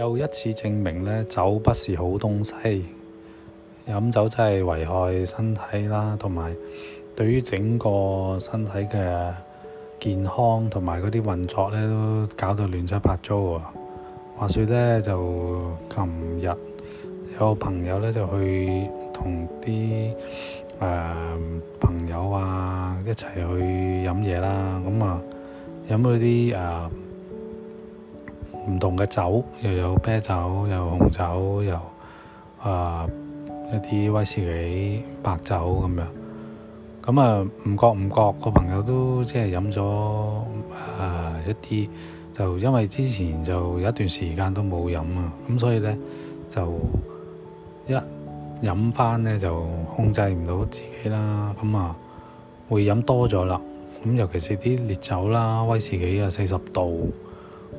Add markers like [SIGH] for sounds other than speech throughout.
又一次證明呢，酒不是好東西，飲酒真係危害身體啦，同埋對於整個身體嘅健康同埋嗰啲運作呢都搞到亂七八糟啊！話説呢，就琴日有個朋友呢就去同啲誒朋友啊一齊去飲嘢啦，咁啊飲嗰啲誒。唔同嘅酒，又有啤酒，又有紅酒，又啊一啲威士忌、白酒咁樣。咁啊，唔覺唔覺個朋友都即係飲咗啊一啲，就因為之前就有一段時間都冇飲啊，咁所以咧就一飲翻咧就控制唔到自己啦，咁啊會飲多咗啦。咁尤其是啲烈酒啦，威士忌啊，四十度。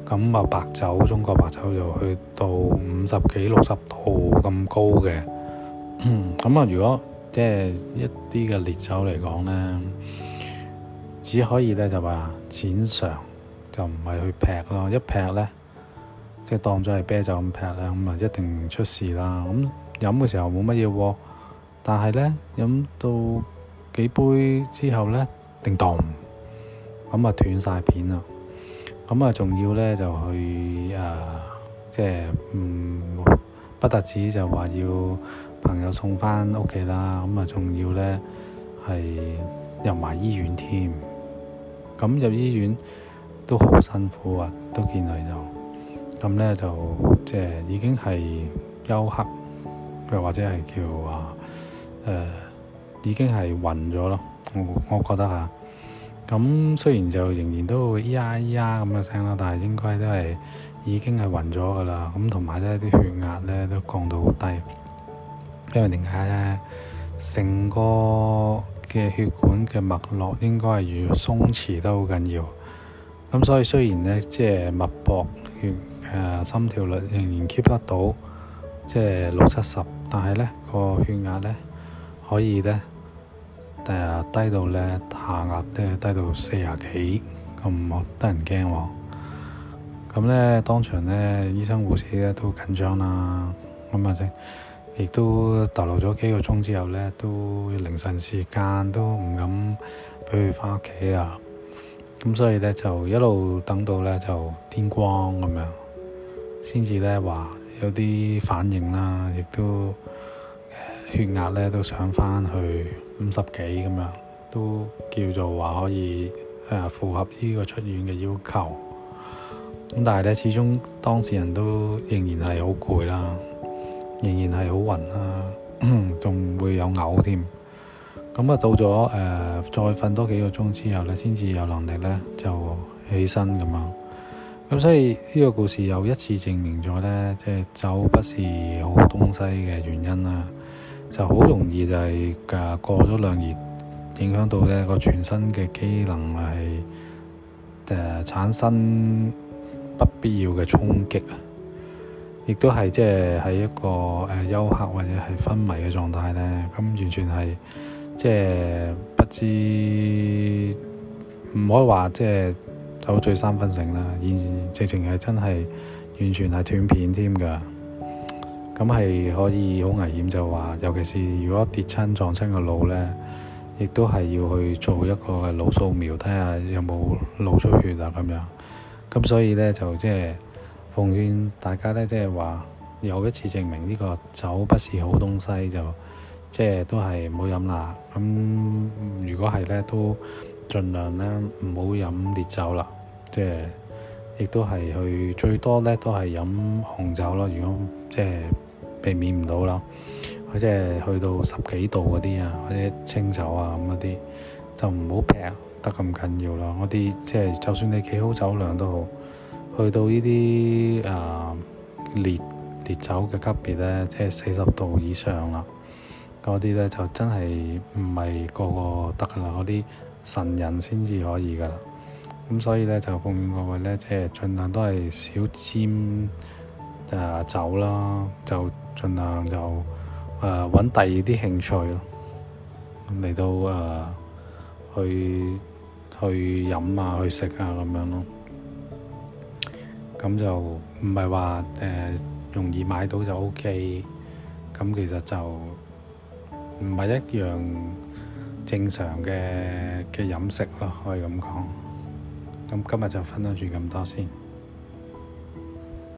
咁啊、嗯、白酒，中國白酒就去到五十幾六十度咁高嘅。咁啊、 [COUGHS] 嗯，如果即係一啲嘅烈酒嚟講咧，只可以咧就話淺嘗，就唔係去劈咯。一劈咧，即係當咗係啤酒咁劈咧，咁啊一定出事啦。咁飲嘅時候冇乜嘢喎，但係咧飲到幾杯之後咧，叮咚，咁啊斷晒片啦。咁啊，仲要咧就去誒、呃，即係唔、嗯、不特止就話要朋友送翻屋企啦。咁啊，仲要咧係入埋醫院添。咁入醫院都好辛苦啊，都見佢就咁咧，就即係已經係休克，又或者係叫話誒、呃、已經係暈咗咯。我我覺得啊。咁雖然就仍然都會咿呀咿呀咁嘅聲啦，但係應該都係已經係暈咗噶啦。咁同埋咧啲血壓咧都降到好低，因為點解咧？成個嘅血管嘅脈絡應該係越，越鬆弛得好緊要。咁所以雖然咧即係脈搏血、血誒、呃、心跳率仍然 keep 得到，即係六七十，但係咧個血壓咧可以咧。誒低到咧，下壓咧低到四十幾咁，好得人驚喎、啊。咁咧當場咧，醫生護士咧都緊張啦。咁啊，亦都逗留咗幾個鐘之後咧，都凌晨時間都唔敢俾佢翻屋企啊。咁所以咧就一路等到咧就天光咁樣，先至咧話有啲反應啦，亦都血壓咧都上翻去，五十幾咁樣，都叫做話可以誒、呃、符合呢個出院嘅要求。咁但係咧，始終當事人都仍然係好攰啦，仍然係好暈啦，仲會有嘔添。咁、嗯、啊，到咗誒、呃、再瞓多幾個鐘之後咧,先至有能力咧就起身咁樣。咁、嗯、所以呢個故事又一次證明咗咧，即係酒不是好東西嘅原因啦。就好容易就係嘅過咗兩年，影響到呢個全身嘅機能係誒、呃、產生不必要嘅衝擊，亦都係即係喺一個誒、呃、休克或者係昏迷嘅狀態呢，咁、嗯、完全係即係不知，唔可以話即係酒醉三分醒啦，而直情係真係完全係斷片添㗎。咁係可以好危險就話，尤其是如果跌親撞親個腦呢，亦都係要去做一個嘅腦掃描，睇下有冇腦出血啊咁樣。咁所以呢，就即係奉勸大家呢，即係話又一次證明呢個酒不是好東西，就即、就、係、是、都係唔好飲啦。咁如果係呢，都儘量呢，唔好飲烈酒啦，即係亦都係去最多呢都係飲紅酒咯。如果即係避免唔到啦，佢即係去到十幾度嗰啲啊，或者清酒啊咁嗰啲，就唔好劈得咁緊要啦。嗰啲即係就算你幾好酒量都好，去到呢啲誒烈烈酒嘅級別咧，即係四十度以上啦，嗰啲咧就真係唔係個個得噶啦，嗰啲神人先至可以噶啦。咁所以咧就奉勸各位咧，即係盡量都係少沾。誒走啦，就盡量就誒搵第二啲興趣咯，嚟到誒、呃、去去飲啊，去食啊咁樣咯。咁就唔係話誒容易買到就 OK。咁其實就唔係一樣正常嘅嘅飲食咯，可以咁講。咁今日就分享住咁多先。